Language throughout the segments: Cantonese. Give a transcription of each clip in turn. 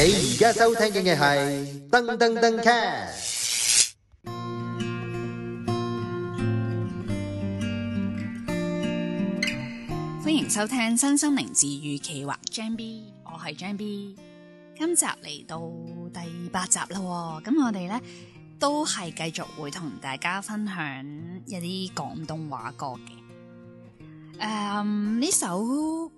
你而家收聽嘅係噔噔噔 cast，歡迎收聽《新心靈治癒企劃》Jam B，我係 Jam B，今集嚟到第八集啦，咁我哋呢都係繼續會同大家分享一啲廣東話歌嘅，誒呢首。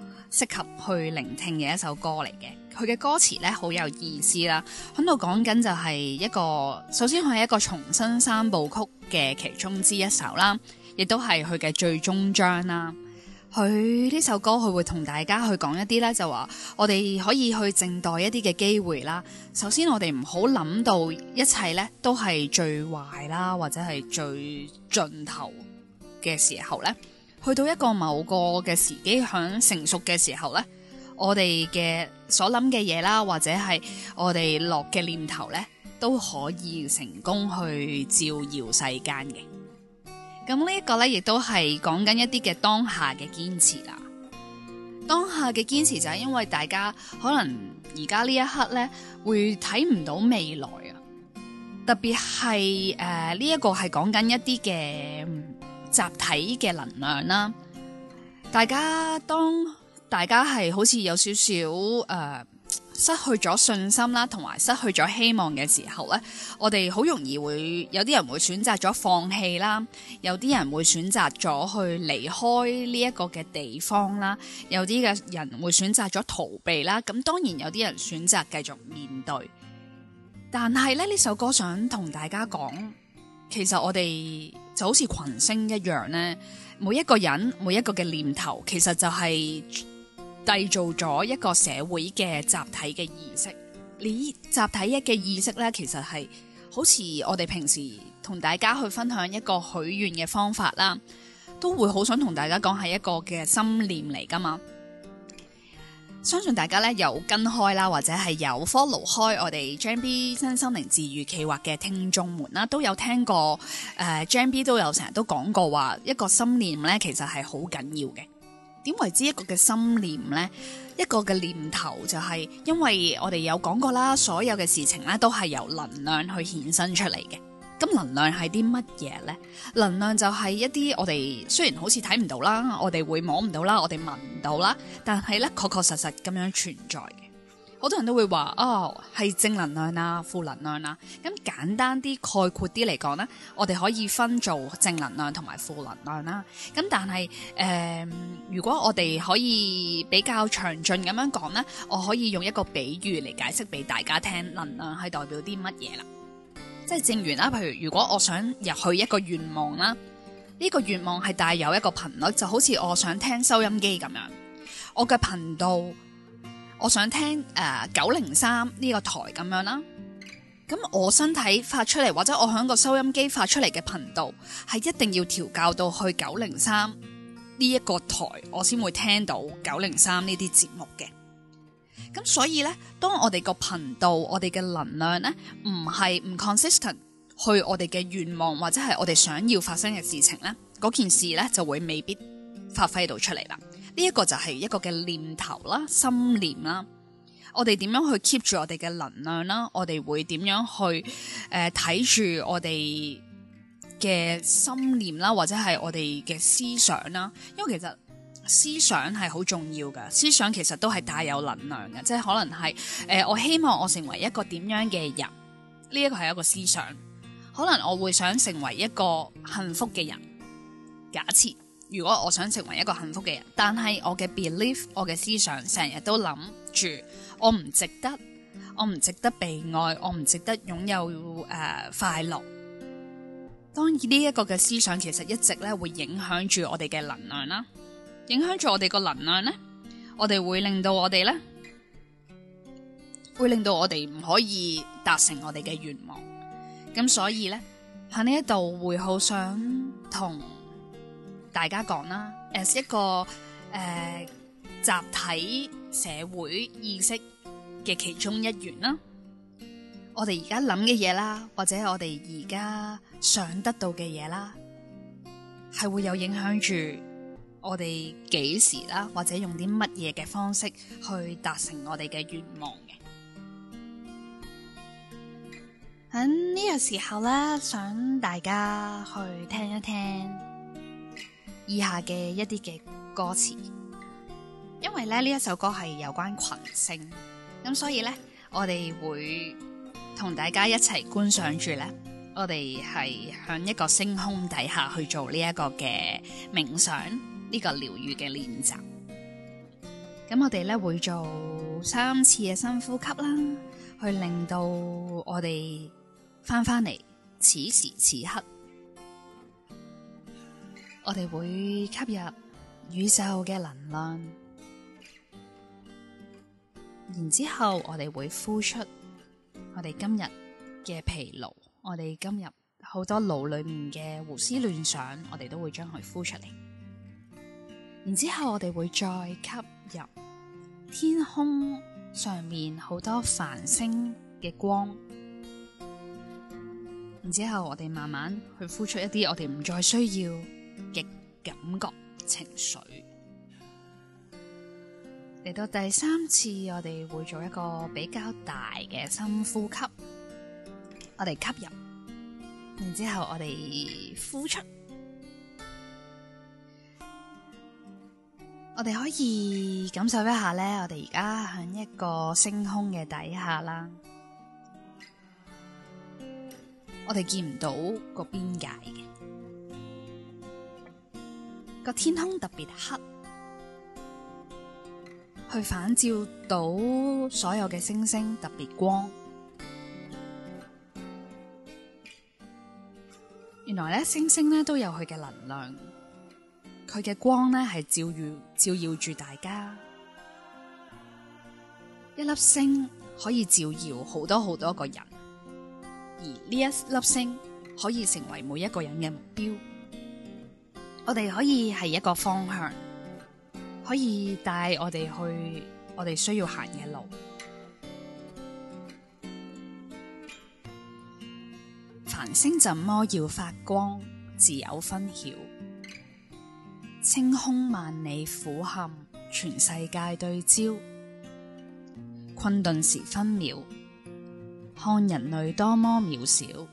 適合去聆聽嘅一首歌嚟嘅，佢嘅歌詞呢，好有意思啦，喺度講緊就係一個首先佢係一個重生三部曲嘅其中之一首啦，亦都係佢嘅最終章啦。佢呢首歌佢會同大家去講一啲呢，就話，我哋可以去靜待一啲嘅機會啦。首先我哋唔好諗到一切呢都係最壞啦，或者係最盡頭嘅時候呢。去到一個某個嘅時機，響成熟嘅時候咧，我哋嘅所諗嘅嘢啦，或者係我哋落嘅念頭咧，都可以成功去照耀世間嘅。咁呢一個咧，亦都係講緊一啲嘅當下嘅堅持啦。當下嘅堅持就係因為大家可能而家呢一刻咧，會睇唔到未來啊。特別係誒呢一個係講緊一啲嘅。集體嘅能量啦，大家當大家係好似有少少誒失去咗信心啦，同埋失去咗希望嘅時候咧，我哋好容易會有啲人會選擇咗放棄啦，有啲人會選擇咗去離開呢一個嘅地方啦，有啲嘅人會選擇咗逃避啦，咁當然有啲人選擇繼續面對，但係咧，呢首歌想同大家講，其實我哋。就好似群星一樣咧，每一個人每一個嘅念頭，其實就係製造咗一個社會嘅集體嘅意識。呢集體一嘅意識咧，其實係好似我哋平時同大家去分享一個許願嘅方法啦，都會好想同大家講係一個嘅心念嚟㗎嘛。相信大家咧有跟開啦，或者係有 follow 開我哋 Jam B 新心靈治愈企劃嘅聽眾們啦，都有聽過誒 Jam、呃、B 都有成日都講過話一個心念咧，其實係好緊要嘅。點為之一個嘅心念呢？一個嘅念頭就係因為我哋有講過啦，所有嘅事情咧都係由能量去衍生出嚟嘅。咁能量係啲乜嘢呢？能量就係一啲我哋雖然好似睇唔到啦，我哋會摸唔到啦，我哋聞唔到啦，但係咧確確實實咁樣存在嘅。好多人都會話哦，係正能量啊，負能量啦、啊。咁簡單啲概括啲嚟講呢，我哋可以分做正能量同埋負能量啦、啊。咁但係誒、呃，如果我哋可以比較詳盡咁樣講呢，我可以用一個比喻嚟解釋俾大家聽，能量係代表啲乜嘢啦？即係正如啦，譬如如果我想入去一個願望啦，呢個願望係帶有一個頻率，就好似我想聽收音機咁樣，我嘅頻道，我想聽誒九零三呢個台咁樣啦，咁我身體發出嚟或者我響個收音機發出嚟嘅頻道，係一定要調校到去九零三呢一個台，我先會聽到九零三呢啲節目嘅。咁所以咧，當我哋個頻道，我哋嘅能量咧，唔係唔 consistent 去我哋嘅願望或者係我哋想要發生嘅事情咧，嗰件事咧就會未必發揮到出嚟啦。呢一個就係一個嘅念頭啦、心念啦。我哋點樣去 keep 住我哋嘅能量啦？我哋會點樣去誒睇住我哋嘅心念啦，或者係我哋嘅思想啦？因為其實。思想係好重要噶思想其實都係帶有能量嘅，即係可能係誒、呃，我希望我成為一個點樣嘅人呢？一、這個係一個思想，可能我會想成為一個幸福嘅人。假設如果我想成為一個幸福嘅人，但係我嘅 belief，我嘅思想成日都諗住我唔值得，我唔值得被愛，我唔值得擁有誒、呃、快樂。當然呢一個嘅思想其實一直咧會影響住我哋嘅能量啦。影響住我哋個能量咧，我哋會令到我哋咧，會令到我哋唔可以達成我哋嘅願望。咁所以咧，喺呢一度會好想同大家講啦，as 一個誒、呃、集體社會意識嘅其中一員啦，我哋而家諗嘅嘢啦，或者我哋而家想得到嘅嘢啦，係會有影響住。我哋幾時啦，或者用啲乜嘢嘅方式去達成我哋嘅願望嘅？喺呢個時候咧，想大家去聽一聽以下嘅一啲嘅歌詞，因為咧呢一首歌係有關群星咁，所以咧我哋會同大家一齊觀賞住咧，我哋係響一個星空底下去做呢一個嘅冥想。呢、這個療愈嘅練習，咁我哋咧會做三次嘅深呼吸啦，去令到我哋翻返嚟此時此刻。我哋會吸入宇宙嘅能量，然之後我哋會呼出我哋今日嘅疲勞，我哋今日好多腦裏面嘅胡思亂想，我哋都會將佢呼出嚟。然之後我哋會再吸入天空上面好多繁星嘅光，然之後我哋慢慢去呼出一啲我哋唔再需要嘅感覺情緒。嚟到第三次，我哋會做一個比較大嘅深呼吸，我哋吸入，然之後我哋呼出。我哋可以感受一下咧，我哋而家響一個星空嘅底下啦，我哋見唔到個邊界嘅，個天空特別黑，去反照到所有嘅星星特別光。原來咧，星星咧都有佢嘅能量。佢嘅光呢，係照耀照耀住大家。一粒星可以照耀好多好多個人，而呢一粒星可以成為每一個人嘅目標。我哋可以係一個方向，可以帶我哋去我哋需要行嘅路。繁星怎麼要發光，自有分曉。清空萬里俯瞰，全世界對焦，困頓時分秒，看人類多麼渺小，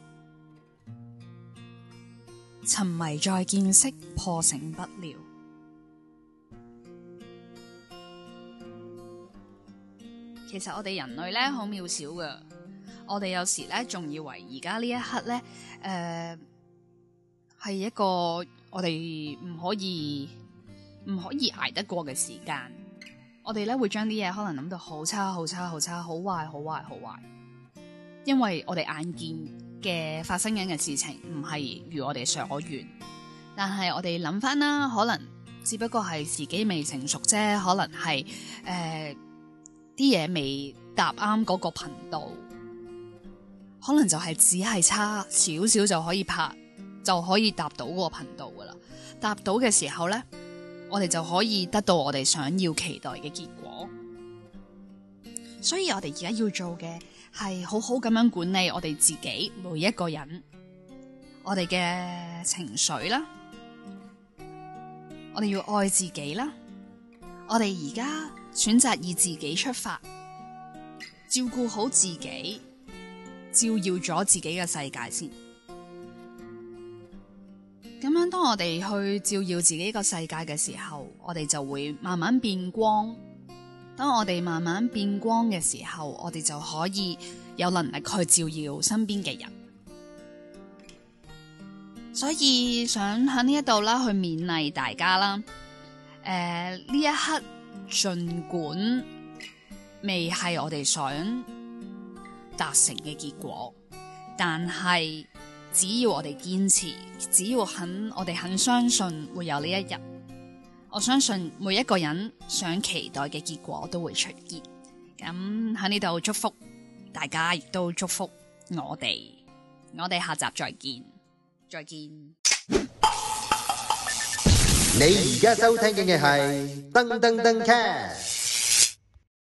沉迷在見識，破醒不了。其實我哋人類咧好渺小㗎，我哋有時咧仲以為而家呢一刻咧，誒、呃、係一個。我哋唔可以唔可以捱得過嘅時間，我哋咧會將啲嘢，可能諗到好差、好差、好差、好壞、好壞、好壞，因為我哋眼見嘅發生緊嘅事情唔係如我哋所願。但係我哋諗翻啦，可能只不過係時機未成熟啫，可能係誒啲嘢未搭啱嗰個頻道，可能就係只係差少少就可以拍。就可以搭到個頻道噶啦，搭到嘅時候咧，我哋就可以得到我哋想要期待嘅結果。所以我哋而家要做嘅係好好咁樣管理我哋自己每一個人，我哋嘅情緒啦，我哋要愛自己啦，我哋而家選擇以自己出發，照顧好自己，照耀咗自己嘅世界先。咁樣，當我哋去照耀自己個世界嘅時候，我哋就會慢慢變光。當我哋慢慢變光嘅時候，我哋就可以有能力去照耀身邊嘅人。所以想喺呢一度啦，去勉勵大家啦。誒、呃，呢一刻盡管未係我哋想達成嘅結果，但係。只要我哋堅持，只要肯，我哋肯相信會有呢一日，我相信每一個人想期待嘅結果都會出現。咁喺呢度祝福大家，亦都祝福我哋。我哋下集再見，再見。你而家收聽嘅係登登登 cat。